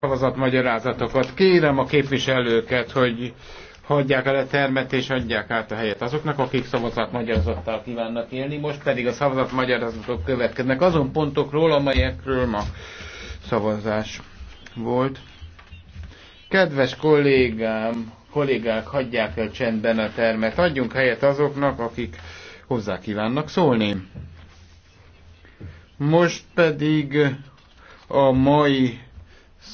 szavazatmagyarázatokat. Kérem a képviselőket, hogy hagyják el a termet és adják át a helyet azoknak, akik szavazatmagyarázattal kívánnak élni. Most pedig a szavazatmagyarázatok következnek azon pontokról, amelyekről ma szavazás volt. Kedves kollégám, kollégák, hagyják el csendben a termet. Adjunk helyet azoknak, akik hozzá kívánnak szólni. Most pedig a mai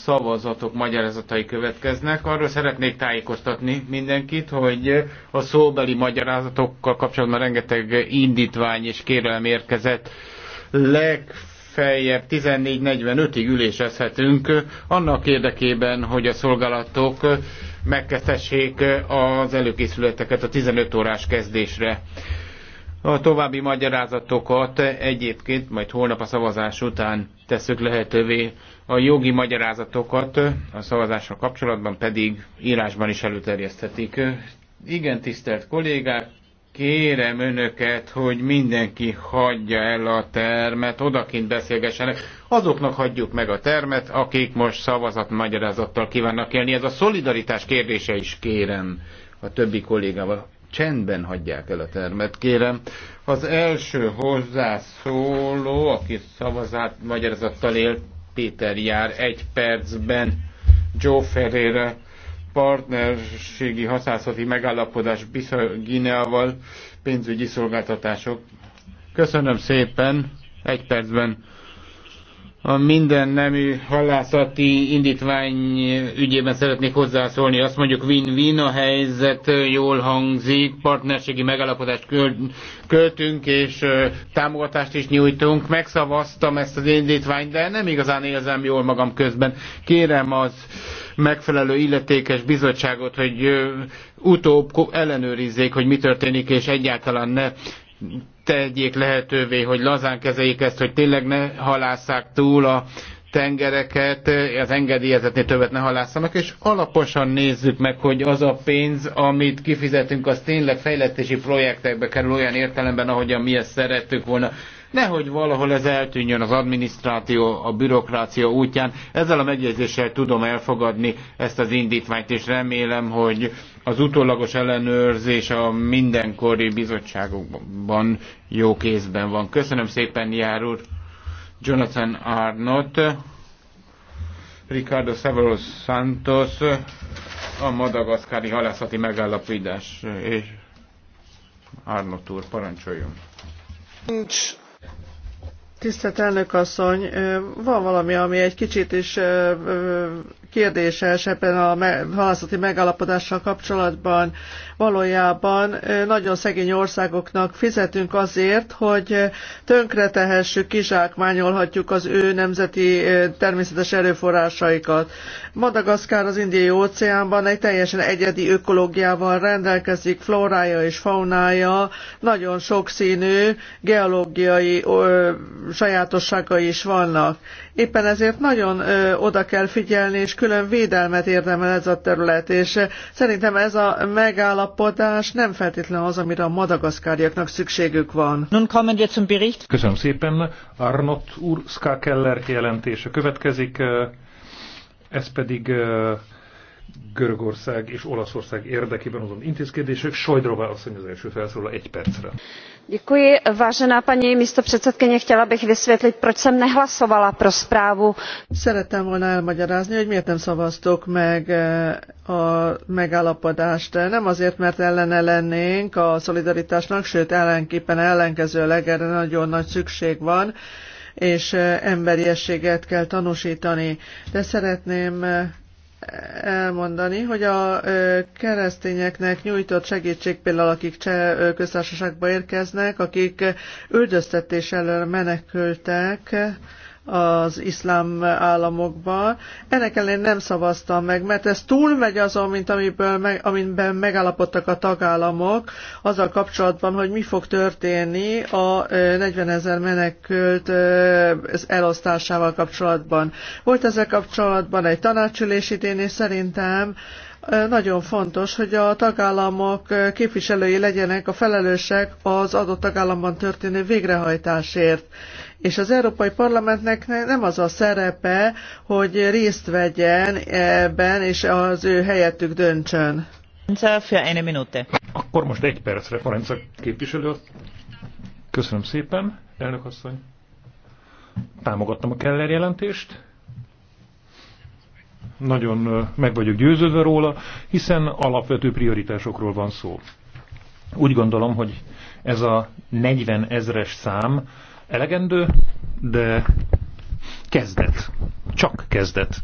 szavazatok magyarázatai következnek. Arról szeretnék tájékoztatni mindenkit, hogy a szóbeli magyarázatokkal kapcsolatban rengeteg indítvány és kérelem érkezett. Legfeljebb 14.45-ig ülésezhetünk annak érdekében, hogy a szolgálatok megkezdhessék az előkészületeket a 15 órás kezdésre. A további magyarázatokat egyébként majd holnap a szavazás után tesszük lehetővé. A jogi magyarázatokat a szavazással kapcsolatban pedig írásban is előterjeszthetik. Igen, tisztelt kollégák, kérem önöket, hogy mindenki hagyja el a termet, odakint beszélgessenek. Azoknak hagyjuk meg a termet, akik most szavazat magyarázattal kívánnak élni. Ez a szolidaritás kérdése is kérem a többi kollégával csendben hagyják el a termet, kérem. Az első hozzászóló, aki szavazát magyarázattal él, Péter jár egy percben Joe Ferreira partnerségi haszászati megállapodás Bissau-Gineával pénzügyi szolgáltatások. Köszönöm szépen, egy percben a minden nemű halászati indítvány ügyében szeretnék hozzászólni. Azt mondjuk win-win a helyzet, jól hangzik, partnerségi megalapodást költünk, és támogatást is nyújtunk. Megszavaztam ezt az indítványt, de nem igazán érzem jól magam közben. Kérem az megfelelő illetékes bizottságot, hogy utóbb ellenőrizzék, hogy mi történik, és egyáltalán ne tegyék lehetővé, hogy lazán kezeljék ezt, hogy tényleg ne halásszák túl a tengereket, az engedélyezetnél többet ne halásszanak, és alaposan nézzük meg, hogy az a pénz, amit kifizetünk, az tényleg fejlesztési projektekbe kerül olyan értelemben, ahogyan mi ezt szerettük volna. Nehogy valahol ez eltűnjön az adminisztráció, a bürokrácia útján. Ezzel a megjegyzéssel tudom elfogadni ezt az indítványt, és remélem, hogy az utólagos ellenőrzés a mindenkori bizottságokban jó kézben van. Köszönöm szépen, jár úr, Jonathan Arnott, Ricardo Severos Santos, a madagaszkári halászati megállapítás, és Arnott úr, parancsoljon. Nincs Tisztelt elnök asszony, van valami, ami egy kicsit is kérdéses ebben a halászati megállapodással kapcsolatban. Valójában nagyon szegény országoknak fizetünk azért, hogy tönkretehessük, kizsákmányolhatjuk az ő nemzeti természetes erőforrásaikat. Madagaszkár az indiai óceánban egy teljesen egyedi ökológiával rendelkezik, flórája és faunája, nagyon sokszínű, geológiai ö, sajátosságai is vannak. Éppen ezért nagyon ö, oda kell figyelni, és külön védelmet érdemel ez a terület, és eh, szerintem ez a megállapodás nem feltétlenül az, amire a madagaszkáriaknak szükségük van. Nun kommen wir zum Bericht. Köszönöm szépen. Arnott úr Skakeller jelentése következik, eh, ez pedig eh, Görögország és Olaszország érdekében azon intézkedések. Sajdrová asszony az első felszólal egy percre. Děkuji, vážená paní místo předsedkyně, chtěla bych vysvětlit, proč jsem nehlasovala pro zprávu. Szerettem volna elmagyarázni, hogy miért nem szavaztok meg e, a megállapodást. Nem azért, mert ellene lennénk a szolidaritásnak, sőt ellenképpen ellenkezőleg erre nagyon nagy szükség van, és e, emberiességet kell tanúsítani. De szeretném e, elmondani, hogy a keresztényeknek nyújtott segítség például, akik cseh köztársaságba érkeznek, akik üldöztetés elől menekültek, az iszlám államokban. Ennek ellen nem szavaztam meg, mert ez túlmegy azon, mint amiből meg, amiben megállapodtak a tagállamok azzal kapcsolatban, hogy mi fog történni a 40 ezer menekült elosztásával kapcsolatban. Volt ezzel kapcsolatban egy tanácsülés idén, és szerintem nagyon fontos, hogy a tagállamok képviselői legyenek a felelősek az adott tagállamban történő végrehajtásért és az Európai Parlamentnek nem az a szerepe, hogy részt vegyen ebben, és az ő helyettük döntsön. Akkor most egy percre, Ferenca képviselő. Köszönöm szépen, elnök asszony. Támogattam a Keller jelentést. Nagyon meg vagyok győződve róla, hiszen alapvető prioritásokról van szó. Úgy gondolom, hogy ez a 40 ezres szám elegendő, de kezdet. Csak kezdet.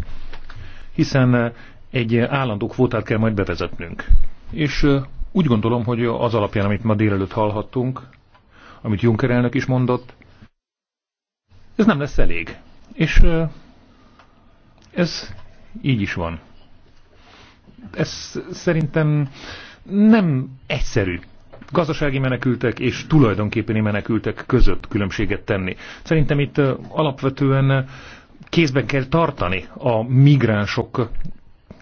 Hiszen eh, egy állandó kvótát kell majd bevezetnünk. És eh, úgy gondolom, hogy az alapján, amit ma délelőtt hallhattunk, amit Juncker elnök is mondott, ez nem lesz elég. És eh, ez így is van. Ez szerintem nem egyszerű gazdasági menekültek és tulajdonképpeni menekültek között különbséget tenni. Szerintem itt alapvetően kézben kell tartani a migránsok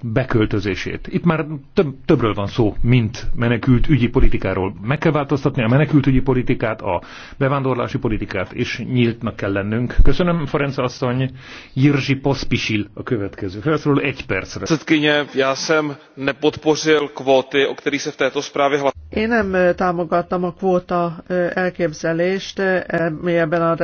beköltözését. Itt már több, többről van szó, mint menekült ügyi politikáról. Meg kell változtatni a menekült ügyi politikát, a bevándorlási politikát, és nyíltnak kell lennünk. Köszönöm, Ferenc asszony. Jirzsi Pospisil a következő. Felszólul egy percre. Předsedkyně, já jsem nepodpořil kvóty, o kterých se v této Én nem eh, támogattam a kvóta eh, elképzelést, eh, mi ebben a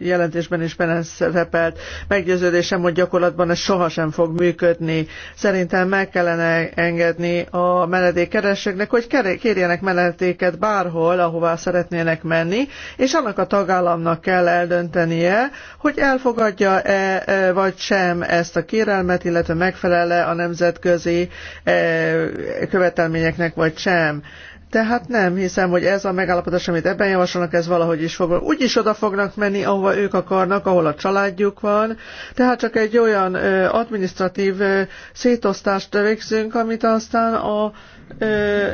jelentésben is benne szerepelt. Meggyőződésem, hogy gyakorlatban ez sohasem fog működni Szerintem meg kellene engedni a menedékkeresőknek, hogy kérjenek menedéket bárhol, ahová szeretnének menni, és annak a tagállamnak kell eldöntenie, hogy elfogadja-e e, vagy sem ezt a kérelmet, illetve megfelele a nemzetközi e, követelményeknek vagy sem. Tehát nem hiszem, hogy ez a megállapodás, amit ebben javasolnak, ez valahogy is fog. Úgyis oda fognak menni, ahova ők akarnak, ahol a családjuk van. Tehát csak egy olyan ö, administratív ö, szétosztást végzünk, amit aztán a, ö,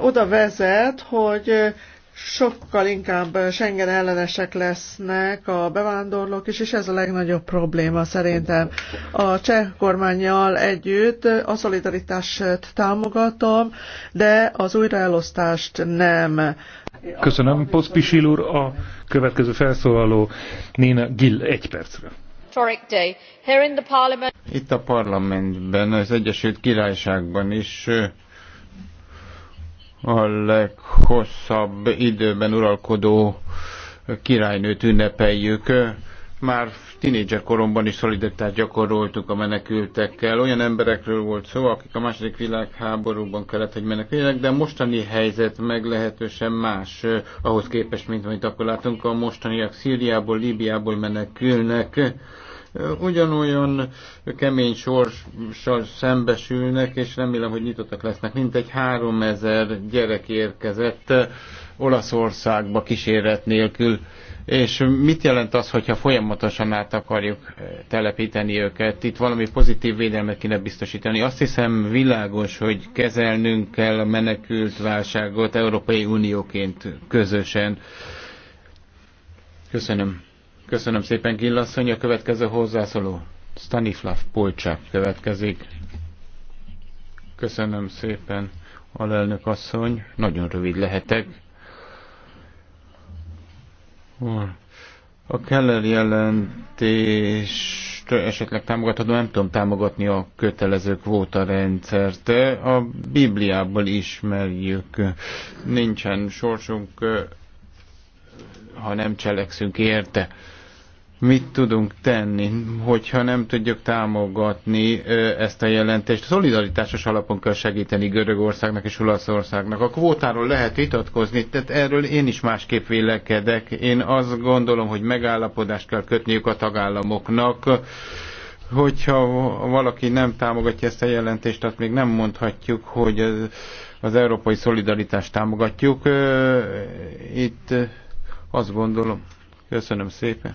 oda vezet, hogy ö, sokkal inkább Schengen ellenesek lesznek a bevándorlók is, és ez a legnagyobb probléma szerintem. A cseh kormányjal együtt a szolidaritást támogatom, de az újraelosztást nem. Köszönöm, Poszpisil úr. A következő felszólaló Nina Gill egy percre. Itt a parlamentben, az Egyesült Királyságban is a leghosszabb időben uralkodó királynőt ünnepeljük. Már tinédzser koromban is szolidaritást gyakoroltuk a menekültekkel. Olyan emberekről volt szó, akik a második világháborúban kellett, hogy meneküljenek, de a mostani helyzet meglehetősen más eh, ahhoz képest, mint amit akkor látunk. A mostaniak Szíriából, Líbiából menekülnek ugyanolyan kemény sorssal szembesülnek, és remélem, hogy nyitottak lesznek. mint három 3000 gyerek érkezett Olaszországba kíséret nélkül. És mit jelent az, hogyha folyamatosan át akarjuk eh, telepíteni őket? Itt valami pozitív védelmet kéne biztosítani. Azt hiszem világos, hogy kezelnünk kell a menekült válságot Európai Unióként közösen. Köszönöm. Köszönöm szépen, asszony. A következő hozzászóló Stanislav Polcsák következik. Köszönöm szépen, alelnök asszony. Nagyon rövid lehetek. A Keller jelentést esetleg támogatható, nem tudom támogatni a kötelező kvóta rendszert. A Bibliából ismerjük, nincsen sorsunk, ha nem cselekszünk érte mit tudunk tenni, hogyha nem tudjuk támogatni ezt a jelentést. Szolidaritásos alapon kell segíteni Görögországnak és Olaszországnak. A kvótáról lehet vitatkozni, tehát erről én is másképp vélekedek. Én azt gondolom, hogy megállapodást kell kötniük a tagállamoknak. Hogyha valaki nem támogatja ezt a jelentést, azt még nem mondhatjuk, hogy az, az európai szolidaritást támogatjuk. Itt azt gondolom. Köszönöm szépen.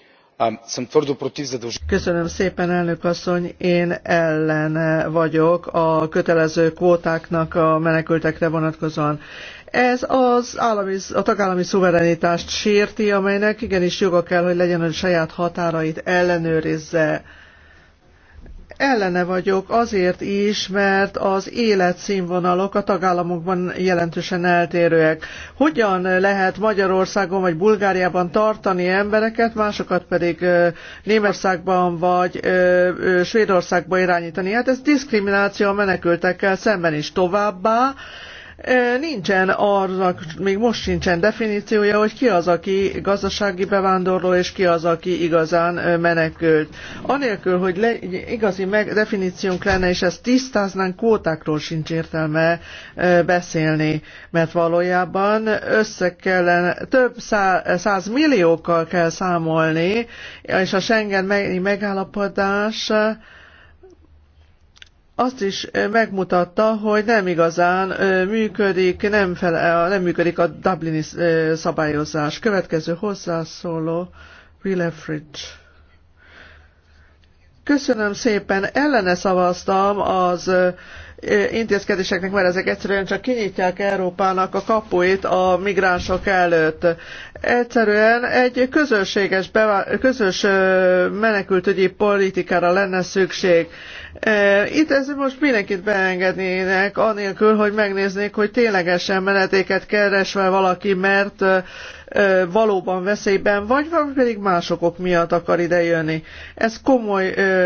Um, Köszönöm szépen, elnök asszony. Én ellene vagyok a kötelező kvótáknak a menekültekre vonatkozóan. Ez az állami, a tagállami szuverenitást sérti, amelynek igenis joga kell, hogy legyen, hogy saját határait ellenőrizze Ellene vagyok azért is, mert az életszínvonalok a tagállamokban jelentősen eltérőek. Hogyan lehet Magyarországon vagy Bulgáriában tartani embereket, másokat pedig Németországban vagy Svédországban irányítani? Hát ez diszkrimináció a menekültekkel szemben is továbbá Nincsen arra, még most sincsen definíciója, hogy ki az, aki gazdasági bevándorló, és ki az, aki igazán menekült. Anélkül, hogy le, igazi meg, definíciónk lenne, és ezt tisztáznánk, kvótákról sincs értelme beszélni, mert valójában össze kellene, több száz, száz milliókkal kell számolni, és a Schengen megállapodás azt is megmutatta, hogy nem igazán működik, nem, fele, nem működik a Dublini szabályozás. Következő hozzászóló, Willefridge. Köszönöm szépen, ellene szavaztam az intézkedéseknek, mert ezek egyszerűen csak kinyitják Európának a kapuit a migránsok előtt. Egyszerűen egy közösséges, közös menekültügyi politikára lenne szükség. Itt ez most mindenkit beengednének, anélkül, hogy megnéznék, hogy ténylegesen menetéket keresve valaki, mert valóban veszélyben vagy, vagy pedig másokok miatt akar idejönni. Ez komoly,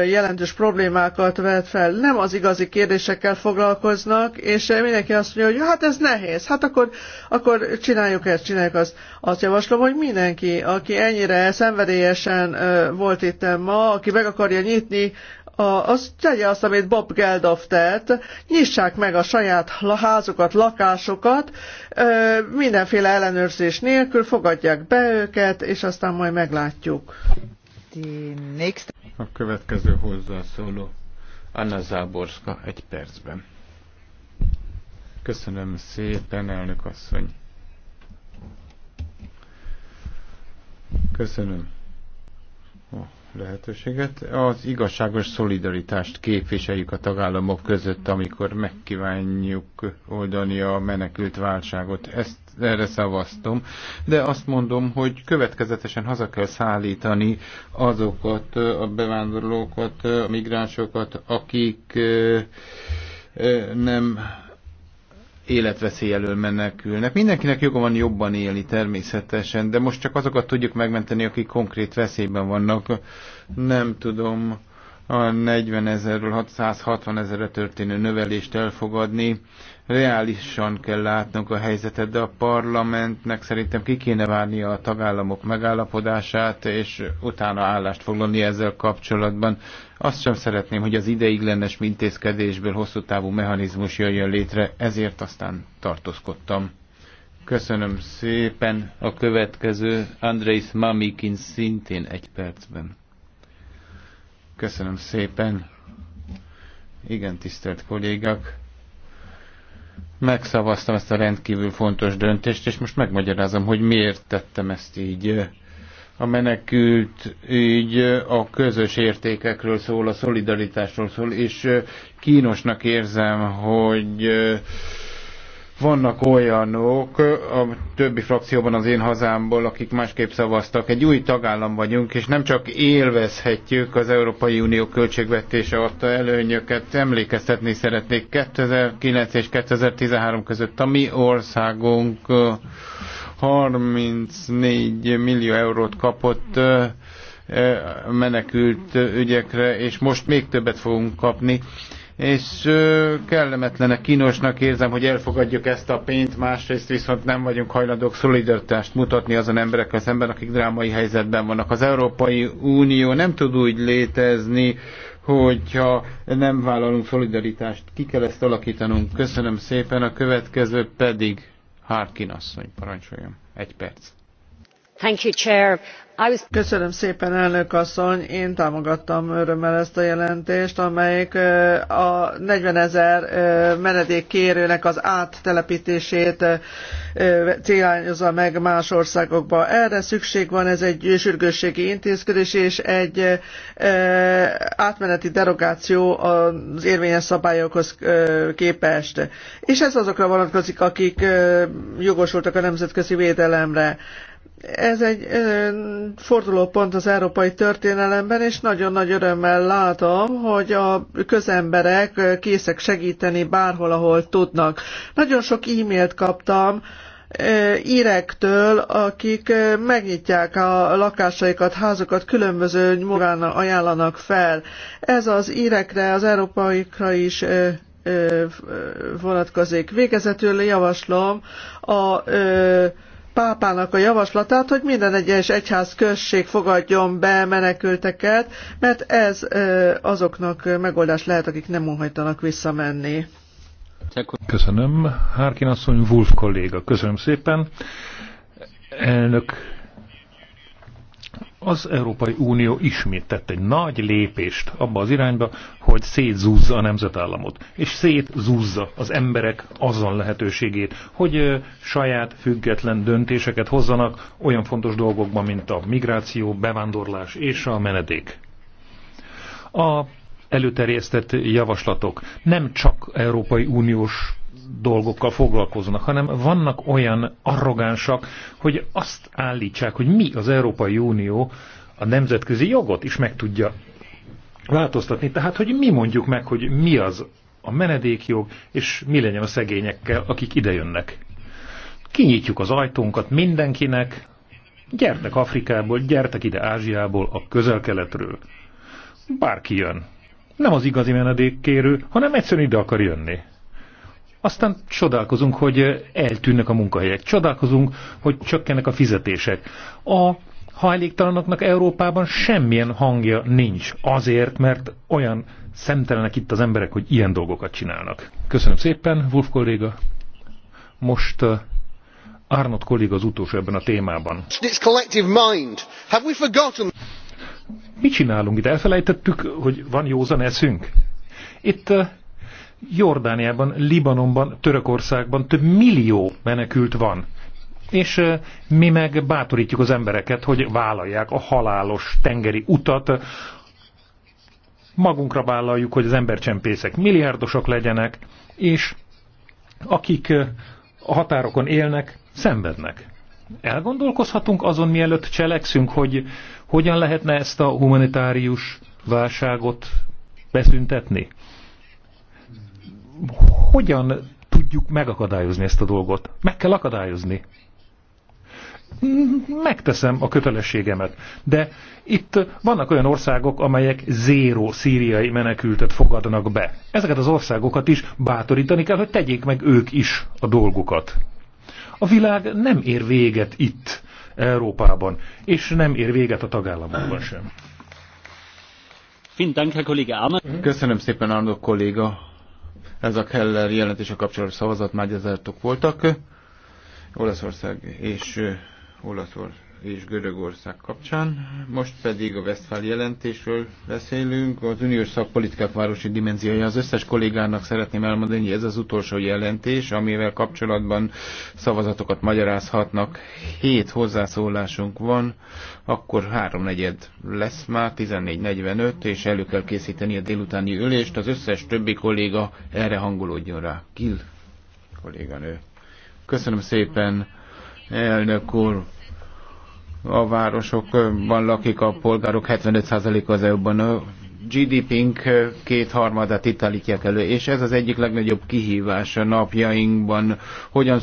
jelentős problémákat vet fel. Nem az igazi kérdésekkel foglalkoznak, és mindenki azt mondja, hogy hát ez nehéz, hát akkor, akkor csináljuk ezt, csináljuk azt. Azt javaslom, hogy mindenki, aki ennyire szenvedélyesen volt itt ma, aki meg akarja nyitni a, az tegye azt, amit Bob Geldof tett, nyissák meg a saját házukat, lakásokat, ö, mindenféle ellenőrzés nélkül, fogadják be őket, és aztán majd meglátjuk. A következő hozzászóló, Anna Záborska, egy percben. Köszönöm szépen, elnök asszony. Köszönöm. Oh lehetőséget. Az igazságos szolidaritást képviseljük a tagállamok között, amikor megkívánjuk oldani a menekült válságot. Ezt erre szavaztom. de azt mondom, hogy következetesen haza kell szállítani azokat a bevándorlókat, a migránsokat, akik eh, nem életveszély elől menekülnek. Mindenkinek joga van jobban élni természetesen, de most csak azokat tudjuk megmenteni, akik konkrét veszélyben vannak. Nem tudom, a 40 ezerről 660 ezerre történő növelést elfogadni. Reálisan kell látnunk a helyzetet, de a parlamentnek szerintem ki kéne várni a tagállamok megállapodását, és utána állást foglalni ezzel kapcsolatban. Azt sem szeretném, hogy az ideiglenes intézkedésből hosszú távú mechanizmus jöjjön létre, ezért aztán tartózkodtam. Köszönöm szépen. A következő Andrész Mamikin szintén egy percben. Köszönöm szépen. Igen, tisztelt kollégák. Megszavaztam ezt a rendkívül fontos döntést, és most megmagyarázom, hogy miért tettem ezt így. A menekült ügy a közös értékekről szól, a szolidaritásról szól, és kínosnak érzem, hogy vannak olyanok a többi frakcióban az én hazámból, akik másképp szavaztak. Egy új tagállam vagyunk, és nem csak élvezhetjük az Európai Unió költségvetése adta előnyöket, emlékeztetni szeretnék 2009 és 2013 között a mi országunk 34 millió eurót kapott menekült ügyekre, és most még többet fogunk kapni és kellemetlenek, kínosnak érzem, hogy elfogadjuk ezt a pénzt, másrészt viszont nem vagyunk hajlandók szolidaritást mutatni azon emberekkel szemben, akik drámai helyzetben vannak. Az Európai Unió nem tud úgy létezni, hogyha nem vállalunk szolidaritást. Ki kell ezt alakítanunk? Köszönöm szépen, a következő pedig Harkin asszony, parancsoljon. Egy perc. Thank you, Chair. Köszönöm szépen, elnök asszony. Én támogattam örömmel ezt a jelentést, amelyik a 40 ezer menedékkérőnek az áttelepítését célányozza meg más országokba. Erre szükség van, ez egy sürgősségi intézkedés és egy átmeneti derogáció az érvényes szabályokhoz képest. És ez azokra vonatkozik, akik jogosultak a nemzetközi védelemre ez egy fordulópont az európai történelemben, és nagyon nagy örömmel látom, hogy a közemberek készek segíteni bárhol, ahol tudnak. Nagyon sok e-mailt kaptam, e, írektől, akik megnyitják a lakásaikat, házakat, különböző nyugán ajánlanak fel. Ez az írekre, az európaikra is e, e, vonatkozik. Végezetül javaslom a pápának a javaslatát, hogy minden egyes egyház község fogadjon be menekülteket, mert ez azoknak megoldás lehet, akik nem óhajtanak visszamenni. Köszönöm. Hárkin asszony, Wolf kolléga. Köszönöm szépen. Elnök az Európai Unió ismét tett egy nagy lépést abba az irányba, hogy szétzúzza a nemzetállamot, és szétzúzza az emberek azon lehetőségét, hogy saját független döntéseket hozzanak olyan fontos dolgokban, mint a migráció, bevándorlás és a menedék. A előterjesztett javaslatok nem csak Európai Uniós dolgokkal foglalkoznak, hanem vannak olyan arrogánsak, hogy azt állítsák, hogy mi az Európai Unió a nemzetközi jogot is meg tudja változtatni. Tehát, hogy mi mondjuk meg, hogy mi az a menedékjog, és mi legyen a szegényekkel, akik idejönnek. Kinyitjuk az ajtónkat mindenkinek, gyertek Afrikából, gyertek ide Ázsiából, a közel-keletről. Bárki jön. Nem az igazi menedékkérő, hanem egyszerűen ide akar jönni. Aztán csodálkozunk, hogy eltűnnek a munkahelyek. Csodálkozunk, hogy csökkennek a fizetések. A hajléktalanoknak Európában semmilyen hangja nincs azért, mert olyan szemtelenek itt az emberek, hogy ilyen dolgokat csinálnak. Köszönöm szépen, Wolf kolléga. Most Arnott kolléga az utolsó ebben a témában. Mit csinálunk itt? Elfelejtettük, hogy van józan eszünk? Itt Jordániában, Libanonban, Törökországban több millió menekült van. És mi meg bátorítjuk az embereket, hogy vállalják a halálos tengeri utat, magunkra vállaljuk, hogy az embercsempészek milliárdosak legyenek, és akik a határokon élnek, szenvednek. Elgondolkozhatunk azon, mielőtt cselekszünk, hogy hogyan lehetne ezt a humanitárius válságot beszüntetni? hogyan tudjuk megakadályozni ezt a dolgot? Meg kell akadályozni. Megteszem a kötelességemet. De itt vannak olyan országok, amelyek zéró szíriai menekültet fogadnak be. Ezeket az országokat is bátorítani kell, hogy tegyék meg ők is a dolgukat. A világ nem ér véget itt, Európában, és nem ér véget a tagállamokban sem. Köszönöm szépen, Arnold kolléga. Ez a Keller jelentés a kapcsolatos már voltak. Olaszország és Olaszország és Görögország kapcsán. Most pedig a Westfál jelentésről beszélünk. Az uniós szakpolitikák városi dimenziója az összes kollégának szeretném elmondani, hogy ez az utolsó jelentés, amivel kapcsolatban szavazatokat magyarázhatnak. Hét hozzászólásunk van, akkor háromnegyed lesz már, 14.45, és elő kell készíteni a délutáni ülést. Az összes többi kolléga erre hangolódjon rá. Kill kolléganő. Köszönöm szépen, elnök úr a városokban lakik a polgárok 75%-a az EU-ban. GDP-nk kétharmadát itt állítják elő, és ez az egyik legnagyobb kihívás a napjainkban. Hogyan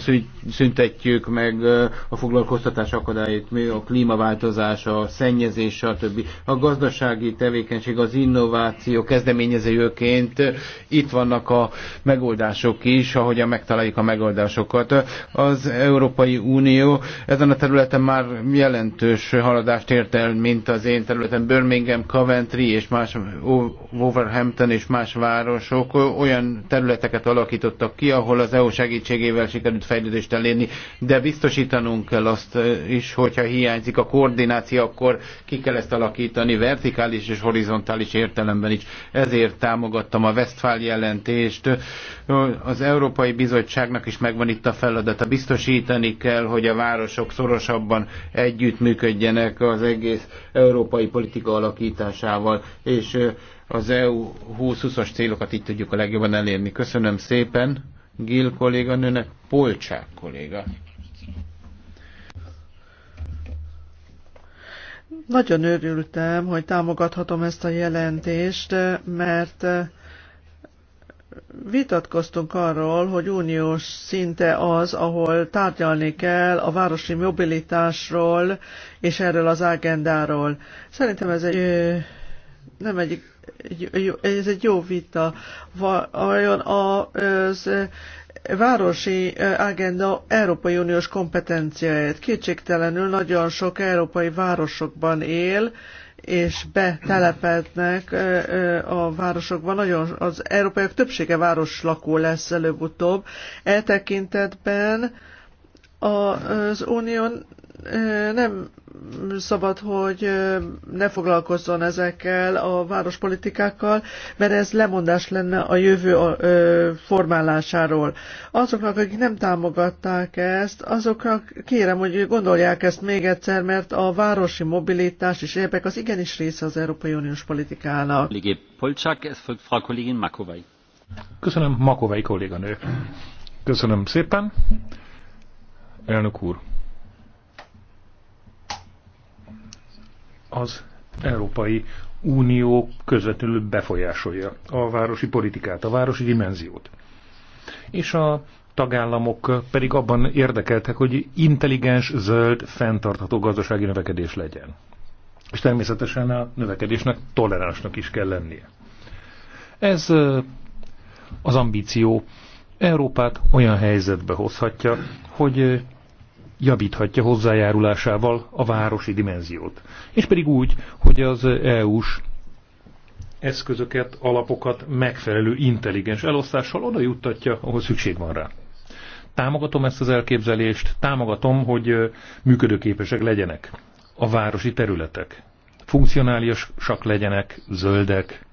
szüntetjük meg a foglalkoztatás akadályait, mi a klímaváltozás, a szennyezés, stb. A gazdasági tevékenység, az innováció kezdeményezőként itt vannak a megoldások is, ahogyan megtaláljuk a megoldásokat. Az Európai Unió ezen a területen már jelentős haladást ért el, mint az én területen Birmingham, Coventry és más Wolverhampton és más városok olyan területeket alakítottak ki, ahol az EU segítségével sikerült fejlődést elérni, de biztosítanunk kell azt eh, is, hogyha hiányzik a koordináció, akkor ki kell ezt alakítani vertikális és horizontális értelemben is. Ezért támogattam a Westfál jelentést. Az Európai Bizottságnak is megvan itt a feladata. Biztosítani kell, hogy a városok szorosabban együttműködjenek az egész európai politika alakításával, és az EU 2020-as célokat itt tudjuk a legjobban elérni. Köszönöm szépen Gil kolléganőnek, Polcsák kolléga. Nagyon örültem, hogy támogathatom ezt a jelentést, mert vitatkoztunk arról, hogy uniós szinte az, ahol tárgyalni kell a városi mobilitásról és erről az agendáról. Szerintem ez egy nem egy, ez egy jó vita. Vajon az e, városi e, agenda Európai Uniós kompetenciáját kétségtelenül nagyon sok európai városokban él, és betelepednek e, a városokban. Nagyon az európaiak többsége városlakó lesz előbb-utóbb. E tekintetben az Unión nem szabad, hogy ne foglalkozzon ezekkel a várospolitikákkal, mert ez lemondás lenne a jövő formálásáról. Azoknak, akik nem támogatták ezt, azoknak kérem, hogy gondolják ezt még egyszer, mert a városi mobilitás és érdek az igenis része az Európai Uniós politikának. Köszönöm, Makovai kolléganő. Köszönöm szépen. Elnök úr. az Európai Unió közvetlenül befolyásolja a városi politikát, a városi dimenziót. És a tagállamok pedig abban érdekeltek, hogy intelligens, zöld, fenntartható gazdasági növekedés legyen. És természetesen a növekedésnek toleránsnak is kell lennie. Ez az ambíció Európát olyan helyzetbe hozhatja, hogy javíthatja hozzájárulásával a városi dimenziót. És pedig úgy, hogy az EU-s eszközöket, alapokat megfelelő intelligens elosztással oda juttatja, ahol szükség van rá. Támogatom ezt az elképzelést, támogatom, hogy működőképesek legyenek a városi területek. Funkcionálisak legyenek, zöldek,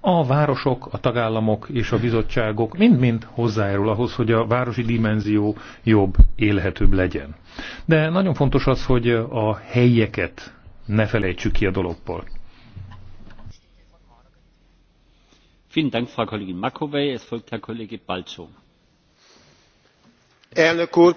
a városok, a tagállamok és a bizottságok mind-mind hozzájárul ahhoz, hogy a városi dimenzió jobb, élhetőbb legyen. De nagyon fontos az, hogy a helyeket ne felejtsük ki a dologból. elnök úr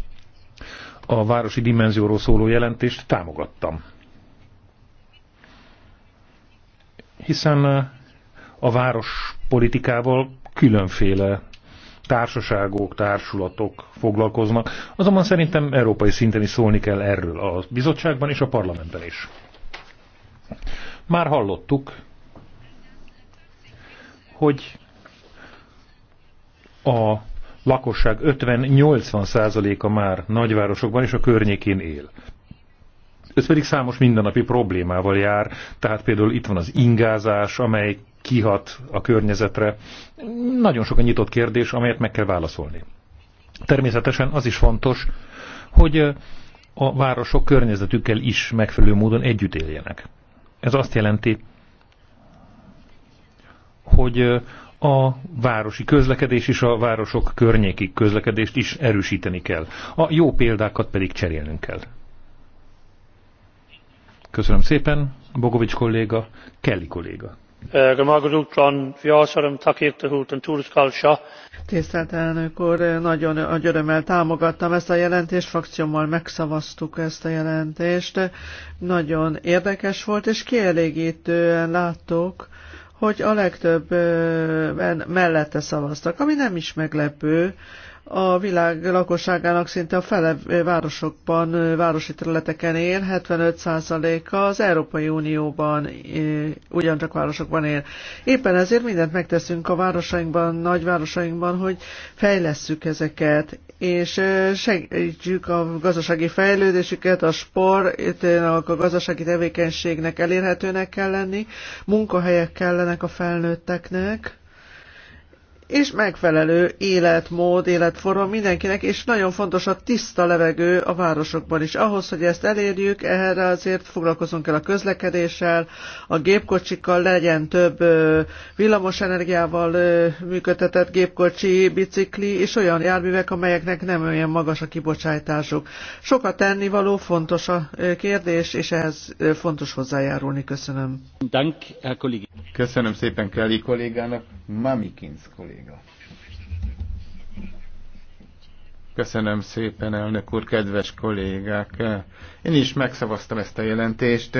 a városi dimenzióról szóló jelentést támogattam. Hiszen a város politikával különféle társaságok, társulatok foglalkoznak. Azonban szerintem európai szinten is szólni kell erről a bizottságban és a parlamentben is. Már hallottuk, hogy a lakosság 50-80%-a már nagyvárosokban és a környékén él. Ez pedig számos mindennapi problémával jár, tehát például itt van az ingázás, amely kihat a környezetre. Nagyon sok a nyitott kérdés, amelyet meg kell válaszolni. Természetesen az is fontos, hogy a városok környezetükkel is megfelelő módon együtt éljenek. Ez azt jelenti, hogy a városi közlekedés és a városok környéki közlekedést is erősíteni kell. A jó példákat pedig cserélnünk kell. Köszönöm szépen, Bogovics kolléga, Kelly kolléga. Tisztelt elnök úr, nagyon nagy örömmel támogattam ezt a jelentést, frakciómmal megszavaztuk ezt a jelentést. Nagyon érdekes volt, és kielégítően láttuk, hogy a legtöbben mellette szavaztak, ami nem is meglepő, a világ lakosságának szinte a fele városokban, városi területeken él, 75%-a az Európai Unióban ugyancsak városokban él. Éppen ezért mindent megteszünk a városainkban, nagyvárosainkban, hogy fejlesszük ezeket, és segítsük a gazdasági fejlődésüket, a sportnak, a gazdasági tevékenységnek elérhetőnek kell lenni, munkahelyek kellenek a felnőtteknek, és megfelelő életmód, életforma mindenkinek, és nagyon fontos a tiszta levegő a városokban is. Ahhoz, hogy ezt elérjük, erre azért foglalkozunk el a közlekedéssel, a gépkocsikkal, legyen több villamos energiával működtetett gépkocsi, bicikli, és olyan járművek, amelyeknek nem olyan magas a kibocsátásuk. Sokat tennivaló, fontos a kérdés, és ehhez fontos hozzájárulni. Köszönöm. Köszönöm szépen Kelly kollégának, Mamikins kollégának kolléga. Köszönöm szépen, elnök úr, kedves kollégák! Én is megszavaztam ezt a jelentést,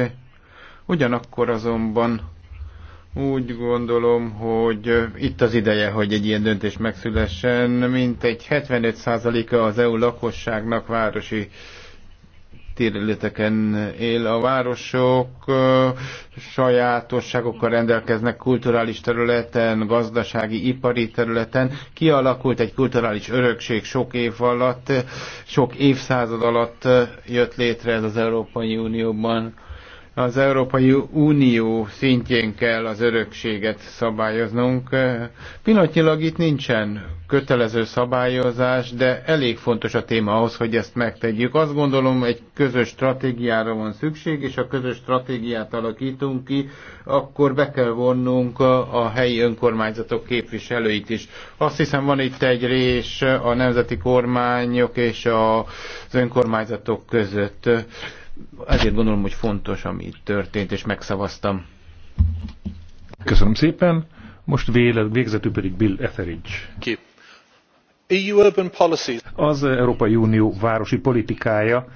ugyanakkor azonban úgy gondolom, hogy itt az ideje, hogy egy ilyen döntés megszülessen, mint egy 75%-a az EU lakosságnak városi területeken él. A városok sajátosságokkal rendelkeznek kulturális területen, gazdasági, ipari területen. Kialakult egy kulturális örökség sok év alatt, sok évszázad alatt jött létre ez az Európai Unióban az Európai Unió szintjén kell az örökséget szabályoznunk. Pillanatnyilag itt nincsen kötelező szabályozás, de elég fontos a téma ahhoz, hogy ezt megtegyük. Azt gondolom, egy közös stratégiára van szükség, és a közös stratégiát alakítunk ki, akkor be kell vonnunk a helyi önkormányzatok képviselőit is. Azt hiszem, van itt egy rés a nemzeti kormányok és az önkormányzatok között ezért gondolom, hogy fontos, ami itt történt, és megszavaztam. Köszönöm szépen. Most véle, végzetül pedig Bill Etheridge. Ki. EU urban policies. Az Európai Unió városi politikája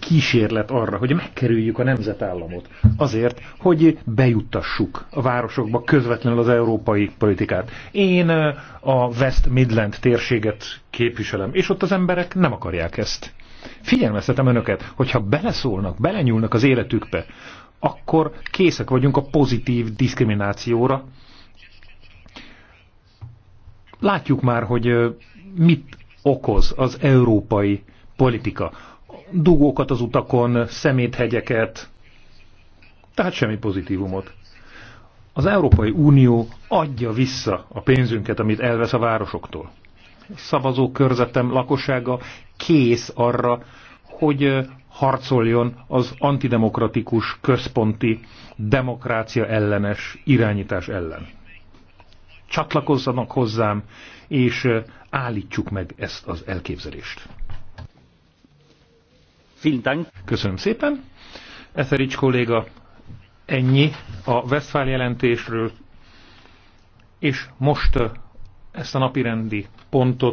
kísérlet arra, hogy megkerüljük a nemzetállamot. Azért, hogy bejuttassuk a városokba közvetlenül az európai politikát. Én eh, a West Midland térséget képviselem, és ott az emberek nem akarják ezt. Figyelmeztetem önöket, hogyha beleszólnak, belenyúlnak az életükbe, akkor készek vagyunk a pozitív diszkriminációra. Látjuk már, hogy mit okoz az európai politika. Dugókat az utakon, szeméthegyeket, tehát semmi pozitívumot. Az Európai Unió adja vissza a pénzünket, amit elvesz a városoktól. Szavazókörzetem lakossága kész arra, hogy harcoljon az antidemokratikus, központi, demokrácia ellenes irányítás ellen. Csatlakozzanak hozzám, és állítsuk meg ezt az elképzelést. Köszönöm szépen. Eszerics kolléga, ennyi a Westfál jelentésről, és most ezt a napirendi pontot